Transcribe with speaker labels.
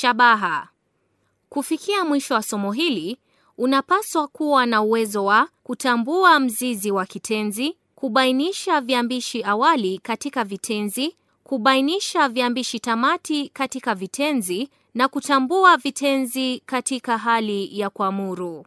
Speaker 1: Shabaha. Kufikia mwisho wa somo hili, unapaswa kuwa na uwezo wa kutambua mzizi wa kitenzi, kubainisha viambishi awali katika vitenzi, kubainisha viambishi tamati katika vitenzi na kutambua vitenzi katika hali ya kuamuru.